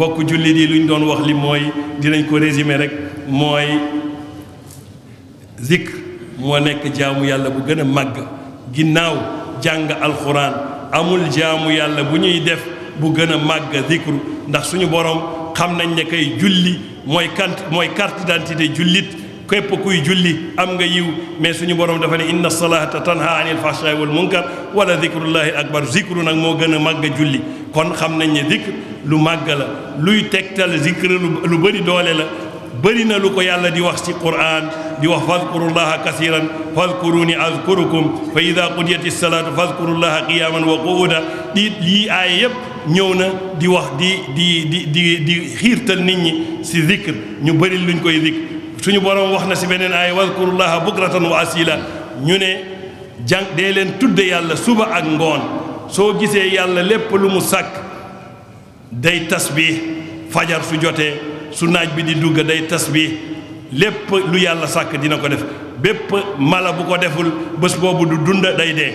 mbokk jullit yi lu ñu doon wax li mooy dinañ ko résumer rek mooy zikr moo nekk jaamu yàlla bu gën a màgg ginnaaw jàng alxuraan amul jaamu yàlla bu ñuy def bu gën a màgg zikru ndax suñu borom xam nañ ne kay julli mooy kant mooy carte d'identité jullit képp kuy julli am nga yiw mais suñu borom dafa ne inna salaata tanha anil fahshaai wal munkar wala zikrullahi akbar zikru na moo gën a màgg julli kon xam nañ ne zikr lu màgg la luy tegtal zikr lu bari doole la bëri na lu ko yàlla di wax ci Qur'an di wax fadkurullaha kasiran ni azkurukum fa ida qudiyati salaatu fadkurullaha qiyaman wa qu'uda di lii aaya yëpp ñëw na di wax di di di di di xiirtal nit ñi si zikr ñu bëri luñ koy zikr suñu borom wax na si beneen ay wadkurullaha bukratan wa asila ñu ne jàng dee leen tudd yàlla suba ak ngoon soo gisee yàlla lépp lu mu sàkk day tasbih fajar su jotee su naaj bi di dugg day tasbih lépp lu yàlla sàkk dina ko def bépp mala bu ko deful bés boobu du dund day dee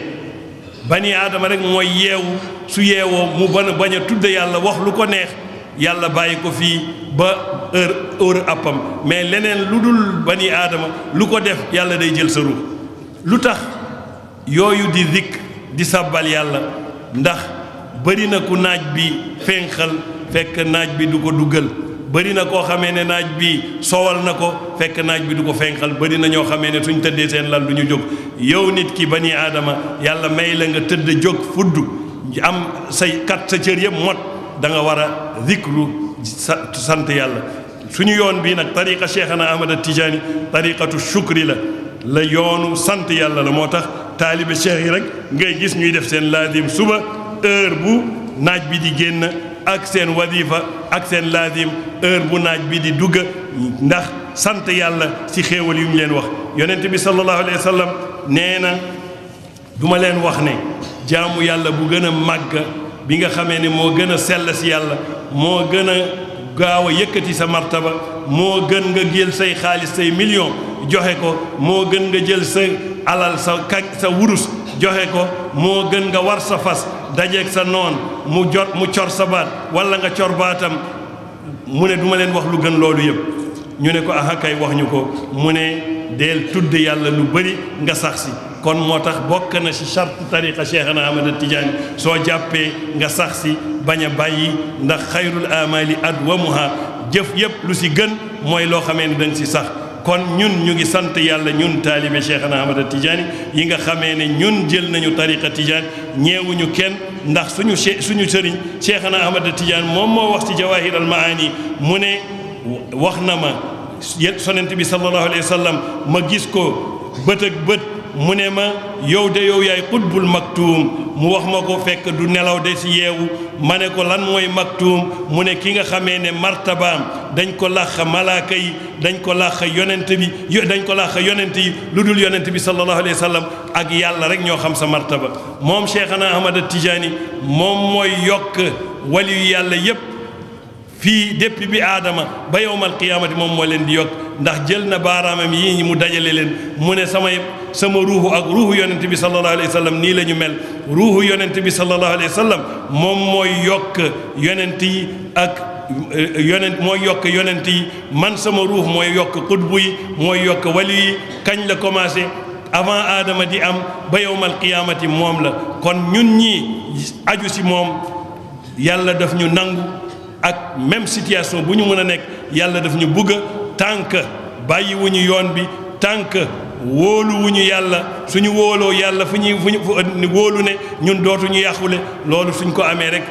bani aadama rek mooy yeewu su yeewoo mu ban bañ a yàlla wax lu ko neex yàlla bàyyi ko fii ba heure heure appam mais leneen lu dul bani aadama lu ko def yàlla day jël sa ruux lu tax yooyu di dikk di sàbbal yàlla ndax bëri na ku naaj bi fenqal fekk naaj bi du ko duggal bëri na koo xamee ne naaj bi sowal na ko fekk naaj bi du ko fenqal bëri na ñoo xamee ne suñ tëddee seen lal du ñu jóg yow nit ki bani aadama yàlla may la nga tëdd jóg fudd am say kat sa cër yëpp mot da nga war a zikru sant yàlla suñu yoon bii nag tariqa cheikhana ahmada tijaani tariqatu shukri la la yoonu sant yàlla la moo tax taalibe cheikh rek ngay gis ñuy def seen laasim suba heure bu naaj bi di génn ak seen wadifa ak seen laasim heure bu naaj bi di dugg ndax sant yàlla ci xéewal yu ñu leen wax yonent bi sallallahu alayhi wa nee na du ma leen wax ne jaamu yàlla bu gën a màgg bi nga xamee ne moo gën a sell si yàlla moo gën gaaw a yëkkati sa martaba moo gën nga jël say xaalis say million joxe ko moo gën nga jël sa alal sa kaj sa wurus joxe ko moo gën nga war sa fas dajeeg sa noon mu jot mu cor sa baat walla nga cor baatam mu ne duma leen wax lu gën loolu yëpp ñu ne ko aha kay wax ñu ko mu ne deel tudd yàlla lu bëri nga sax si kon moo tax bokk na ci charte tariqa Cheikhana Ahmada Tidiane soo jàppee nga sax si bañ a bàyyi ndax xayrul amali adwamuha jëf yëpp lu si gën mooy loo xamee ne dañ si sax kon ñun ñu ngi sant yàlla ñun taalibe Cheikhana Ahmada Tidiane yi nga xamee ne ñun jël nañu tariqa Tidiane ñeewuñu kenn ndax suñu suñu sëriñ Cheikhana Ahmada Tidiane moom moo wax ci jawahir al mu ne wax na ma yet sonent bi sallallahu alayhi wa sallam ma gis ko bët ak bët mu ne ma yow de yow yaay xutbul maktuum mu wax ma ko fekk du nelaw de si yeewu ma ne ko lan mooy maktuum mu ne ki nga xamee ne martabaam dañ ko làq malaaka yi dañ ko làq yonent bi dañ ko làq yonent yi lu dul yonent bi sallallahu alayhi wa ak yàlla rek ñoo xam sa martaba moom Cheikhana Ahmada Tijaani moom mooy yokk waliyu yàlla yépp fii depuis bi aadama ba yowmal qiyaamati moom moo leen di yokk ndax jël na baaraamam yii mu dajale leen mu ne samay sama ruuxu ak ruuxu yonent bi sallallahu alayhi wa sallam nii la ñu mel ruuxu yonent bi sallallahu alayhi sallam moom mooy yokk yonent yi ak eh, yonent mooy yokk yonent yi man sama ruux mooy yokk xutbu yi mooy yokk wali yi kañ la commencé avant aadama di am ba yowmal qiyaamati moom la kon ñun ñii aju si moom yàlla daf ñu nangu ak même situation bu ñu mën a nekk yàlla daf ñu bëgg a tànk bàyyiwuñu yoon bi tànk wóoluwuñu yàlla suñu wóoloo yàlla fu ñuy fu ñu ne ñun dootuñu yàqule loolu suñ ko amee rek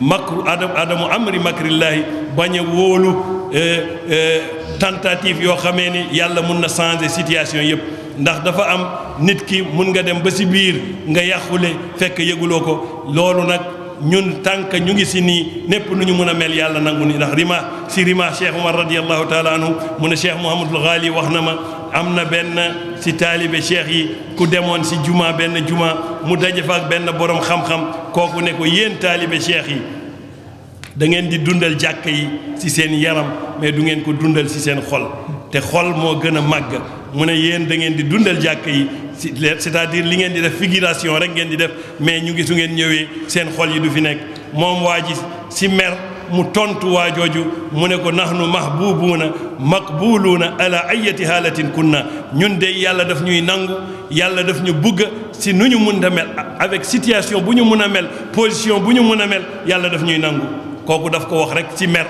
makru adam adamu amri makrillaahi bañ a wóolu euh, euh, tentative yoo xamee ni yàlla mun na changer situation yëpp ndax dafa am nit ki mun nga dem ba si biir nga yàqule fekk yëguloo ko loolu nag ñun tànk ñu ngi si nii népp nu ñu mën a mel yàlla nangu ni ndax rima si rima cheikh omar radiallahu taala anhu mu ne cheikh mouhamadul ghali wax na ma am na benn si taalibe cheikh yi ku demoon si jumaa benn juma mu daje benn borom xam-xam kooku ne ko yéen taalibe cheikh yi da ngeen di dundal jàkk yi si seen yaram mais du ngeen ko dundal si seen xol te xol moo gën a màgg mu ne yéen da ngeen di dundal jàkk yi si cest a dire li ngeen di def figuration rek ngeen di def mais ñu ngi su ngeen ñëwee seen xol yi du fi nekk moom waa ji si mer mu tontu waa jooju mu ne ko na mahbubuuna maqbuluuna ala ayati haalatin kunna ñun de yàlla def ñuy nangu yàlla def ñu bugg si nu ñu mun a mel avec situation bu ñu mun a mel position bu ñu mun a mel yàlla def ñuy nangu kooku daf ko wax rek si mer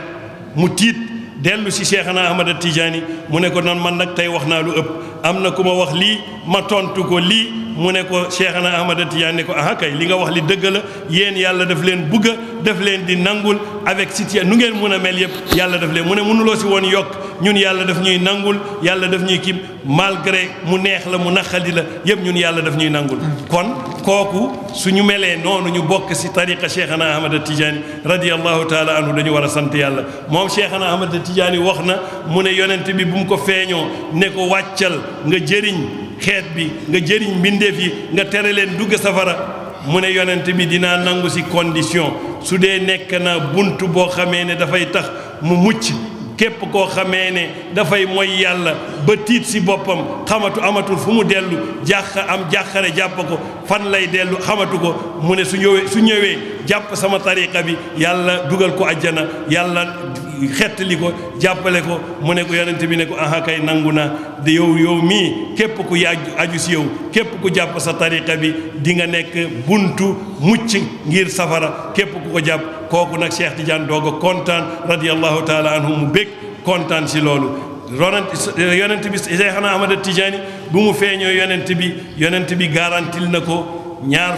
mu tiit dellu si Cheikhana Ahmada Tidiane mu ne ko noonu man nag tey wax naa lu ëpp am na ku ma wax lii ma tontu ko lii mu ne ko Cheikhna Ahmada Tidiane ne ko ah kay li nga wax li dëgg la yéen yàlla def leen bugg def leen di nangul avec situa nu ngeen mun a mel yëpp yàlla def leen mu ne mënuloo si woon yokk ñun yàlla def ñuy nangul yàlla def ñuy kim malgré mu neex la mu naqadi la yëpp ñun yàlla def ñuy nangul kon kooku su ñu melee noonu ñu bokk si tariqa Cheikhna Ahmada Tidiane radiallahu taala anhu dañu war a sant yàlla moom Cheikhna Ahmada Tidiane wax na mu ne yonent bi bu mu ko feeñoo ne ko wàccal nga jëriñ xeet bi nga jëriñ mbindeef yi nga tere leen dugg safara mu ne yonent bi dinaa nangu si condition su dee nekk na bunt boo xamee ne dafay tax mu mucc képp koo xamee ne dafay mooy yàlla ba tiit si boppam xamatu amatul fu mu dellu jàq am jàqare jàpp ko fan lay dellu xamatu ko mu ne su ñëwee su ñëwee jàpp sama tariqa bi yàlla dugal ko ajjana yàlla xettali ko jàppale ko mu ne ko yonent bi ne ko aha kay nangu na de yow yow mii képp ku yaaju aju si yow képp ku jàpp sa tariqa bi di nga nekk buntu mucc ngir safara képp ku ko jàpp kooku nag Cheikh Tidiane doog a kontaan radiyallahu taala anhu mu bég kontaan si loolu ronent yonent bi Seexna Ahmada Tijaani bu mu feeñoo yonent bi yonent bi garantil na ko ñaar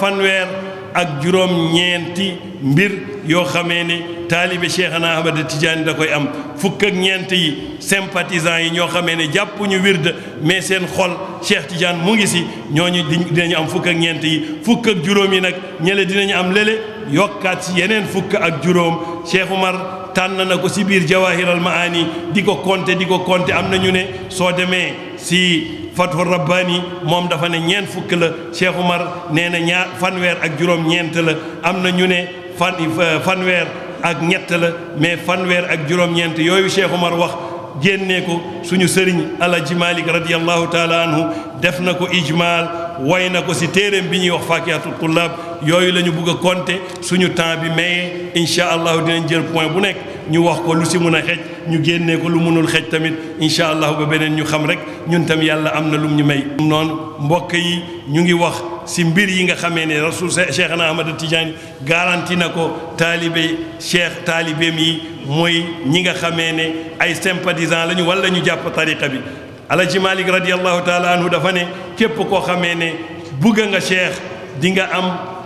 fanweer ak juróom-ñeenti mbir yoo xamee ne taalibe Cheikhana Ahmad Tidiane da koy am fukk ak ñeent yi sympathisants yi ñoo xamee ne jàppuñu wird mais seen xol Cheikh Tidiane mu ngi si ñooñu dinañu am fukk ak ñeent yi fukk ak juróom yi nag ñële dinañu am lële yokkaat si yeneen fukk ak juróom Cheikh Umar tànn na ko si biir jawahiral maani di ko compter di ko compter am na ñu ne soo demee si Fathur Rabbani moom dafa ne ñeent fukk la Cheikh Umar nee na ñaar fanweer ak juróom-ñeent la am na ñu ne fan fanweer ak ñett la mais fanweer ak juróom-ñeent yooyu Cheikh Umar wax génnee ko suñu sëriñ Alaaji Malik radiyallahu taala anhu def na ko ijmaal way na ko si téeréem bi ñuy wax faakihatul tullaab yooyu la ñu bugg a compter suñu temps bi mayee incha allahu dinañ jël point bu nekk ñu wax ko lu si mun a xej ñu génnee ko lu mënul xej tamit incha allah ba beneen ñu xam rek ñun tam yàlla am na lu ñu may. noonu mbokk yi ñu ngi wax si mbir yi nga xamee ne rasul Cheikhna Ahmad Tidiane garanti na ko taalibe cheikh taalibeem yi mooy ñi nga xamee ne ay sympathisants lañu wala ñu jàpp tariqa bi. alaji malik radiallahu taala anhu dafa ne képp koo xamee ne bugg nga cheikh di nga am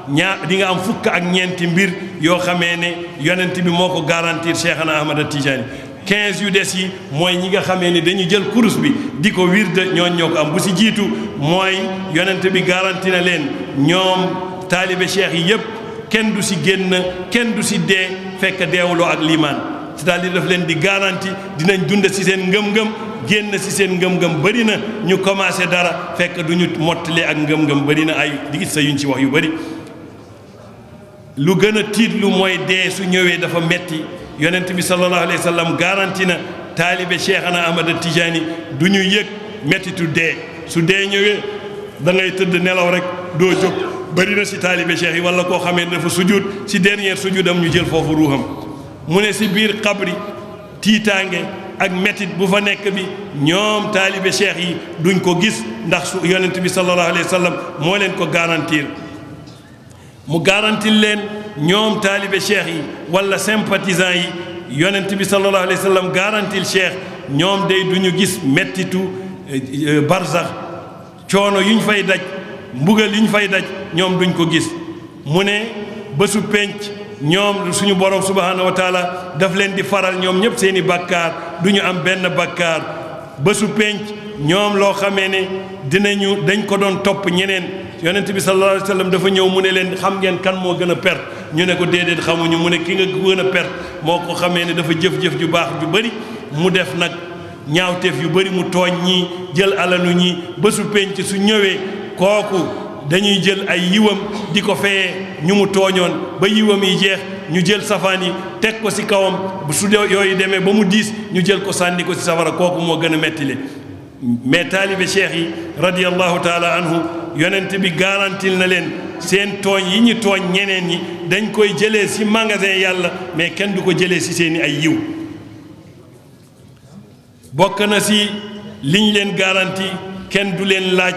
ñaa di nga am fukk ak ñeenti mbir yoo xamee ne yonent bi moo ko garantir cheikhana ahmada tijaani 15 yu des yi mooy ñi nga xamee ne dañu jël kurus bi di ko wirde ñooñ ñoo ko am bu si jiitu mooy yonent bi garanti na leen ñoom taalibe cheikh yi yépp kenn du si génn kenn du si dee fekk deewuloo ak liimaan c'est-à-dire leen di garanti dinañ dund si seen ngëm-ngëm génn si seen ngëm-ngëm bëri na ñu commencé dara fekk du ñu mottali ak ngëm-ngëm bëri na ay di sa yuñ ci wax yu bëri lu gën a tiit lu mooy dee su ñëwee dafa metti yonent bi sallallahu alayhi wa sallam garanti na taalibe Cheikhana Ahmada Tijaani du ñu yëg mettitu dee su dee ñëwee da ngay tëdd nelaw rek doo jóg bëri na ci taalibe cheikh yi wala koo xamee dafa sujud ci dernier sujudam ñu jël foofu ruuxam mu ne ci biir xabri tiitaange ak métit bu fa nekk bi ñoom taalibe cheikh yi duñ ko gis ndax su yonent bi sallallahu alayhi wa moo leen ko garantir mu garantir leen ñoom taalibe cheikh yi wala sympathisant yi yonent bi sallallahu alayhi wa sallam garantir cheikh ñoom day duñu gis mettitu euh, euh, barzax coono yuñ fay daj mbugal yuñ fay daj ñoom duñ ko gis mu ne bésu penc ñoom suñu borom subhaanahu wa taala daf leen di faral ñoom ñëpp seeni bàkkaar du ñu am benn bàkkaar bésu penc ñoom loo xamee ne dinañu dañ ko doon topp ñeneen yonent bi sallallahu alayhi wa dafa ñëw mu ne leen xam ngeen kan moo gën a perte ñu ne ko déedéet xamuñu mu ne ki nga gën a pert moo ko xamee ne dafa jëf-jëf ju baax ju bëri mu def nag ñaawteef yu bëri mu tooñ ñi jël alalu ñii bésu penc su ñëwee kooku dañuy jël ay yiwam di ko feyee ñu mu tooñoon ba yiwam yi jeex ñu jël safaan yi teg ko si kawam su de yooyu demee ba mu diis ñu jël ko sànni ko ci safara kooku moo gën a metti le mais taalibe cheikh yi radiyallahu taala anhu yonent bi garantil na leen seen tooñ yi ñu tooñ ñeneen yi dañ koy jële si magasin yàlla mais kenn du ko jëlee si seeni ay yiw bokk na si liñ leen garanti kenn du leen laaj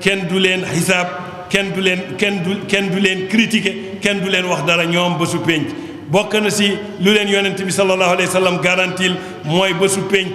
kenn du leen xisaab kenn du leen kenn du kenn du leen critiquer kenn du leen wax dara ñoom bésu pénc bokk na si lu leen yonent bi sallallahu alayhi wa sallam garantil mooy bésu pénc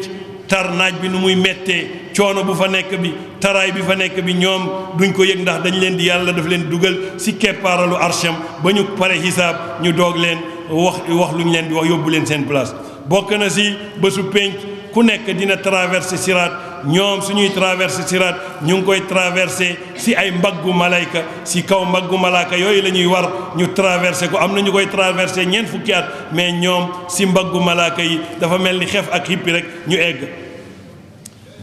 tar naaj bi nu muy méttee coono bu fa nekk bi taraay bi fa nekk bi ñoom duñ ko yëg ndax dañ leen di yàlla daf leen dugal si keppaaralu arsham ba ñu pare xisaab ñu doog leen wax wax lu ñu leen di wax yóbbu leen seen place bokk na si bésu pénc ku nekk dina traverse siraat ñoom suñuy traversé siraat ñu ngi koy traversé si ay mbaggu malayka si kaw mbaggu malaaka yooyu lañuy war ñu traversé ko am na ñu koy traversé ñeent fukki at mais ñoom si mbaggu malaaka yi dafa mel ni xef ak xippi rek ñu egg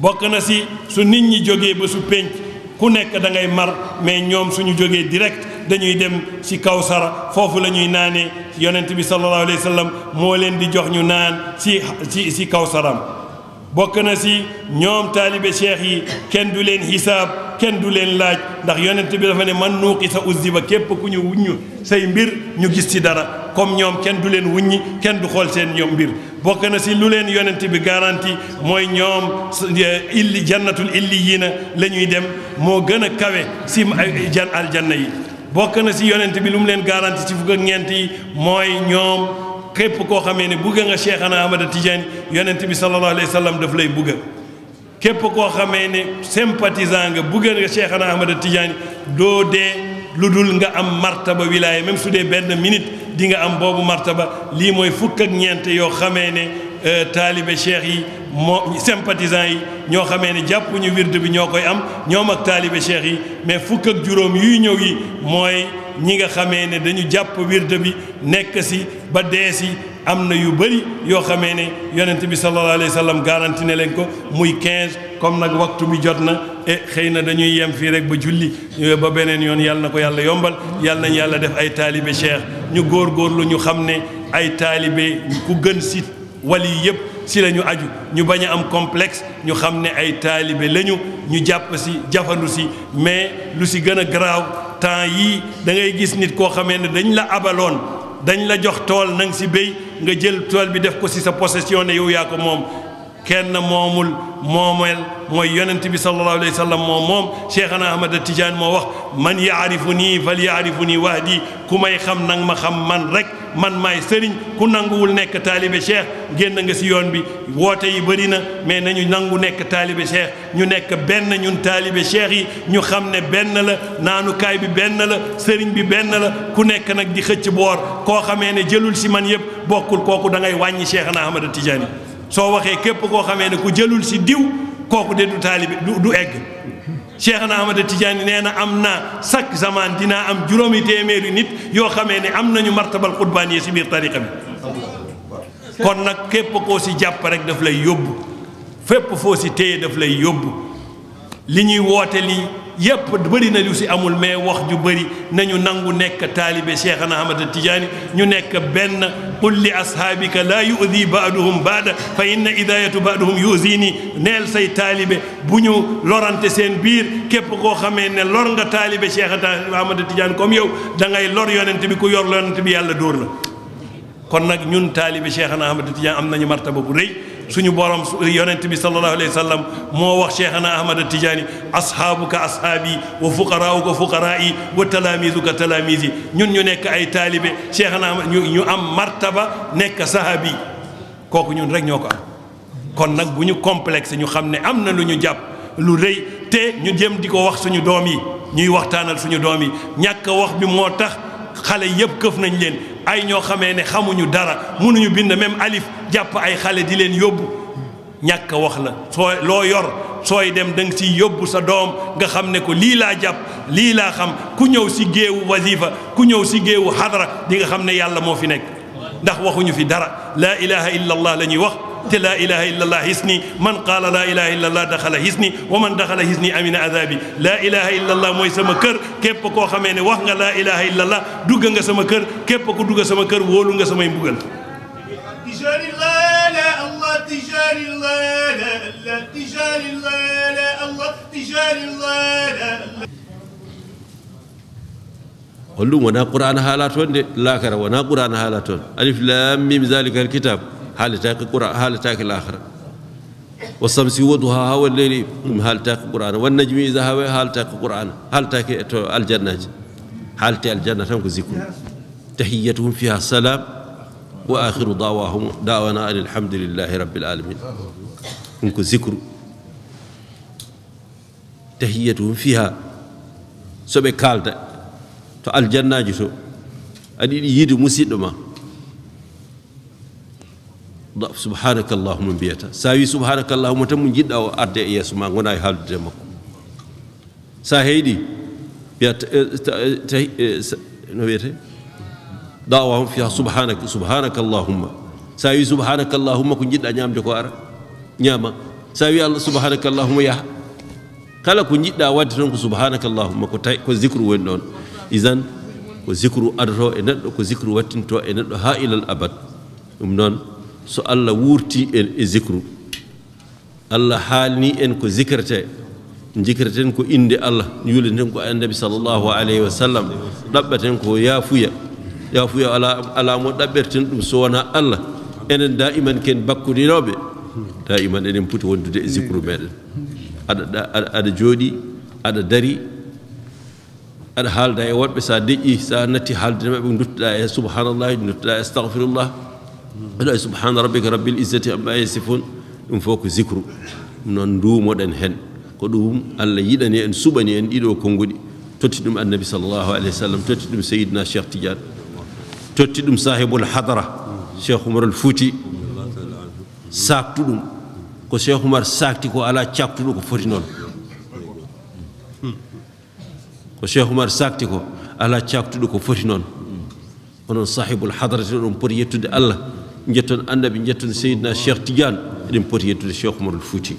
bokk na si su nit ñi jógee ba su pénc ku nekk da ngay mar mais ñoom suñu jógee direct dañuy dem ci kaw kawsara foofu la ñuy naanee yonent bi sallallahu alayhi wa moo leen di jox ñu naan ci ci ci kawsaram bokk na si ñoom taalibe cheikh yi kenn du leen xisaab kenn du leen laaj ndax yonent bi dafa ne man nuuqi sa uzziba képp ku ñu wuññu say mbir ñu gis si dara comme ñoom kenn du leen wuññi kenn du xool seen ñoom mbir bokk na si lu leen yonent bi garanti mooy ñoom eh, illi jannatul illiyiina la ñuy dem moo gën a kawe si ay jan aljanna yi bokk na si yonent bi lu mu leen garanti si fukk ak ñeent yi mooy ñoom képp koo xamee ne bugg nga Cheikhana Ahmada Tidiane yonent bi sallallahu alayhi wa sallam daf lay bugg képp koo xamee ne sympathisant nga bugg nga Cheikhana Ahmada Tidiane doo dee lu dul nga am martaba wilaaya même su dee benn minute di nga am boobu martaba lii mooy fukk ak ñeent yoo xamee ne euh, taalibe cheikh yi moo sympathisant yi ñoo xamee ne jàppuñu wird bi ñoo koy am ñoom ak taalibe cheikh yi mais fukk ak juróom yuy ñëw yi mooy. ñi nga xamee ne dañu jàpp wirde bi nekk si ba dee si am na yu bëri yoo xamee ne yonent bi sallallahu alayhi wa sallam garanti ne leen ko muy 15 comme nag waxtu bi jot na e xëy na dañuy yem fii rek ba julli ba beneen yoon yàlla na ko yàlla yombal yàlla nañu yàlla def ay taalibe cheikh ñu lu ñu xam ne ay taalibe ku gën si wali yëpp si lañu ñu aju ñu bañ a am complexe ñu xam ne ay taalibe lañu ñu jàpp si jafandu si mais lu si gën a garaaw temps yii da ngay gis nit koo xamee ne dañu la abaloon dañ la jox tool na si béy nga jël tool bi def ko si sa possession ne yow yaa ko moom kenn moomul moomeel mooy yonent bi sallallahu alayhi wa sallam moom moom Cheikhana Ahmad Tidiane moo wax man yaarifu nii fal yaarifu nii wahdi ku may xam nang ma xam man rek man maay sëriñ ku nanguwul nekk taalibe cheikh génn nga si yoon bi woote yi bëri na mais nañu nangu nekk taalibe cheikh ñu nekk benn ñun taalibe cheikh yi ñu xam ne benn la naanukaay bi benn la sëriñ bi benn la ku nekk nag di xëcc boor koo xamee ne jëlul si man yëpp bokkul kooku da wàññi cheikh na ahmada tijaani soo waxee képp koo xamee ne ku jëlul si diw kooku de du taalibe du egg Cheikhna Ahmada Tidiane nee na am na chaque zaman dinaa am juróomi téeméeri nit yoo xamee ne am nañu martabal xutbaaniya si biir tariqa bi kon nag képp koo si jàpp rek daf lay yóbbu fépp foo si téye daf lay yóbbu li ñuy woote lii yépp bëri na lu si amul mais wax ju bëri nañu nangu nekk taalibe Cheikhana Ahmad Tijaani ñu nekk benn qul li ashaabika laa yu'di ba'duhum ba'da fa inna idaayatu ba'duhum yu'zini neel say taalibe bu ñu lorante seen biir képp koo xamee ne lor nga taalibe Cheikhana Ahmad Tijaani comme yow da ngay lor yonent bi ku yor yonent bi yàlla dóor la kon nag ñun taalibe Cheikhana Ahmad Tijaani am nañu martaba bu rëy suñu borom yonent bi sallallahu alayhi wa sallam moo wax cheikhana ahmad tijaani ashaabuka ashaabi wa fuqaraauka fuqaraai wa talaamizuka talaamisi ñun ñu nekk ay taalibe cheikhana ahmad ñu am martaba nekk sahabi kooku ñun rek ñoo ko am kon nag bu ñu complex ñu xam ne am na lu ñu jàpp lu rëy te ñu jëm di ko wax suñu doom yi ñuy waxtaanal suñu doom yi ñàkk wax bi moo tax xale yëpp këf nañ leen ay ñoo xamee ne xamuñu dara munuñu bind même alif jàpp ay xale di leen yóbbu ñàkk wax la soo loo yor sooy dem danga nga siy yóbbu sa doom nga xam ne ko lii laa jàpp lii laa xam ku ñëw si géewu wazifa ku ñëw si géewu xadara di nga xam ne yàlla moo fi nekk ndax waxuñu fi dara laa ilaha illa allah wax te laa ilaha illa allah hisni man qaala laa ilaha illa allah daxala hisni wa man daxala hisni amina azabi laa ilaha illa allah mooy sama kër képp koo xamee ne wax nga laa ilaha illa allah dugg nga sama kër képp ko dugg sama kër wóolu nga samay mbugal tijari laa la allah tijari laa la allah tijari laa la allah tijari laa la hollum wona qur'an haala toon de laakara wona qur'an haala toon alif lam mim zalika alkitab هالتاق القرآن هالتاق الآخرة والشمس وضحاها والليل هالتاق القرآن والنجم إذا هوى هالتاق القرآن هالتاق الجنة هالتاق الجنة تنكزيكم تحيتهم فيها السلام وآخر دعواهم دعوانا أن الحمد لله رب العالمين تنكزيكم تحيتهم فيها سبي كالتا تو الجنة جتو أدي يدي مسيد ما daf subhanaka allahuma mbiyata so wi subhanaka allahuma jiɗɗa arde e yeeso ma gona e haaldude makko sa heyɗi eh, eh, eh, no wiyete dawahum fiha subhanaka subhanaka allahumma so jiɗɗa ñamde ko ara ñaama so wi ko jiɗɗa woni ɗon isan ko zicre adoto e neɗɗo ko zicre wattinto e neɗɗo ha ilal abad ɗum noon so allah wuurti e zicru allah haalni en ko zicrete jikreten ko inde allah yuleten ko annabi sallllahu alayhi wa sallam ɗaɓɓaten ko yaafuya yaafuya ala mo ɗaɓɓerten ɗum so wona allah enen daiman ken bakkudinoɓe daiman eɗen poti wondude e zicru meɗen aɗa aɗa aɗa dari aɗa haalda e woɗɓe sa deƴƴi sa natti haaldude maɓɓe duttuɗa e subhanallahi duttuɗa e astahfirullah aɗa subhana rabbika rabbil izzati amma yasifun ɗum fof ko zicru noon ndumoɗen ko ɗum allah yiɗani en suɓani en ɗiɗo konnguɗi totti ɗum annabi sallllahu alayhi sallam totti ɗum seyidna cheikh tidiane totti ɗum sahibul hadra cheikh oumar ko cheikh oumar sakti ko ala caktuɗo ko foti noon ko cheikh oumar sakti ko ala caktuɗo ko foti noon onon sahibul hadrate oɗon poti yettude allah jetton annabi jetton seydina cheikh tidiane eɗen poti yettude cheikh umarul fouti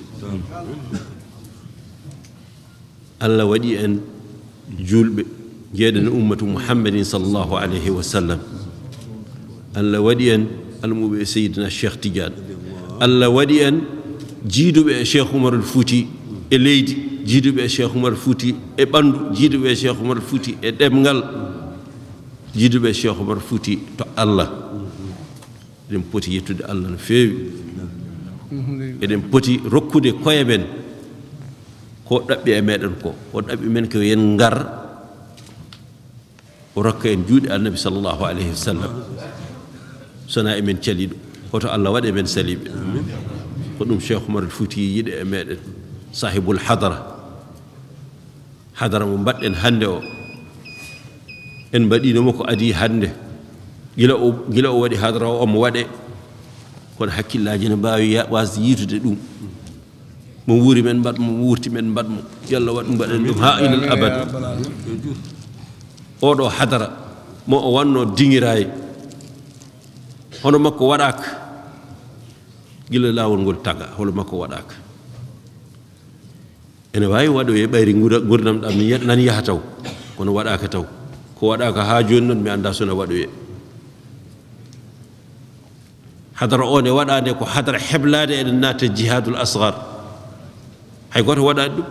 allah waɗi en julɓe jeeɗen ummatu muhammadin sallllahu alayhi wa sallam allah waɗi en almuɓe e seydina cheikh tidiane allah waɗi en jiiduɓe e cheikh umarul fouti e leydi jiiduɓe e cheikh umar fouti e ɓanndu jiiduɓe e cheikh umar fouti e ɗemngal jiiduɓe e cheikh umar fouti to allah eɗen poti yettude allah no feewi eɗen poti rokkude koye men ko ɗaɓɓi e meɗen ko ko ɗaɓɓi men ko yen ngar rokka en juuɗe annabi sallllahu alayhi wa sallam sona emen caliɗo hoto allah waɗe men saliɓe ko ɗum cheikh oumar el fouti yiɗe sahibul hadara mo mbaɗɗen hannde o en mbaɗinoma ko adi hannde gila o gila o waɗi hadara omo waɗe kono hakkillaji ne mbawi wasde yiitude ɗum mo wuuri men mbaɗmo mo wuurti men mbaɗmo yo allah waɗ ɗum ha ilal abad oɗo hadara mo o wanno diŋirayi hono makko gila lawol ngol taga holo makko waɗaka ene wawi waɗoye ɓayri gurdam ɗam mi yaha taw kono waɗaka taw ko waɗaka ha joni noon mi anda sona waɗoye hadara o ne ko hadara heblade eɗen naata jihadul asgar hay goto waɗani ɗum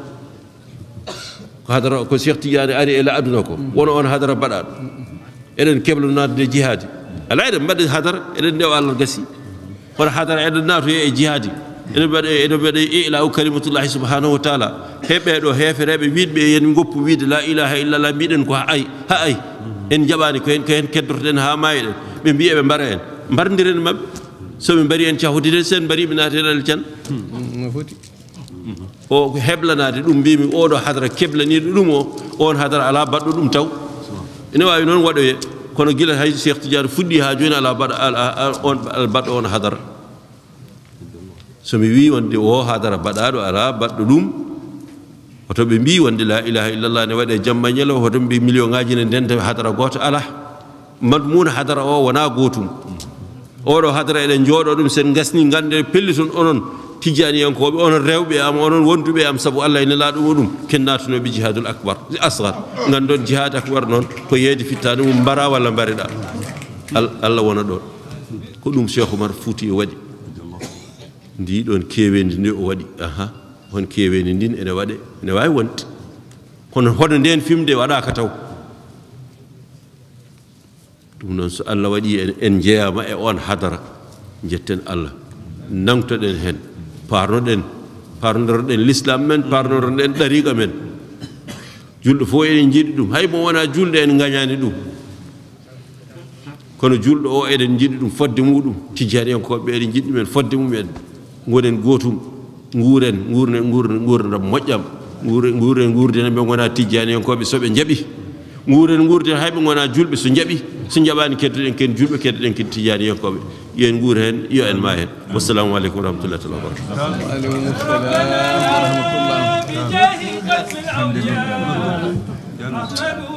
ko hadara ko cheikh tidiane ari ele aduna ko wono on hadara mbaɗaɗo eɗen keblo naatude jihaadi ala eɗen mbaɗi hadara eɗen ndewa allah gasi e jihaadi eɗen mbaɗe eɗen mbaɗe e ila u kalimatullahi subhanahu wa taala heɓeɗo heefereɓe wiɗɓe yen goppu wiide la ilaha illallah ko ha ay en jaɓani ko hen ko hen keddortoɗen ha mayiɗen ɓe mbiyeɓe mbara en mbardiren mabɓe somi mbaɗi en cahotiren sen mbaɗima naati en aljan no foti o heblanade ɗum mbimi oɗo hadara keblaniɗo ɗum o on hadara ala baɗɗo ɗum taw ene wawi noon waɗoye kono gila hay cheikh fuɗɗi ha joni ala baɗɗo on hadara somi wi wonde o hadara baɗaɗo ala baɗɗo ɗum hoto ɓe mbi wonde la ilaha illallah ne waɗe jamma ñalo hoto ɓe million ngaji ne ndenta hadara goto ala madmuna hadara o wona gotum oɗo hadara eɗen jooɗo ɗum sen gasni gande pelliton onon tijjaniyankoɓe onon rewɓe am onon wonduɓe am saabu allah ene laaɗo muɗum ken jihadul acbar asgar gandon jihad acbar noon ko yeeyde fittade mum mbara walla mbariɗa allah wona ɗon ko ɗum cheikh oumar fouti o waɗi kewendi ndi o aha hono nden fimde waɗaka taw ɗum noon so allah waɗi en jeeyama e on hadara jetten allah nangtoɗen hen parnoɗen parnoroɗen l'islam men parnoroɗen ɗariqa men julɗo fof eɗen jiiɗi ɗum hay mo wona julɗo en gañani ɗum kono julɗo o eɗen jiɗi ɗum fodde muɗum tijaniyankoɓe eɗen jiɗi ɗumen fodde mumen gonen gotum guuren gurne gurne gurdam moƴƴam gure gure gurdena ɓe gona tijaniyankoɓe soɓe jaaɓi nguuren nguurde hayɓe gona julɓe so jaɓi so jaɓani keddoɗen ken julɓe keddoɗen ken tijani yenkoɓe yo en guura hen yo en ma hen wassalamu aleykum wa rahmatullah taala wabarakatu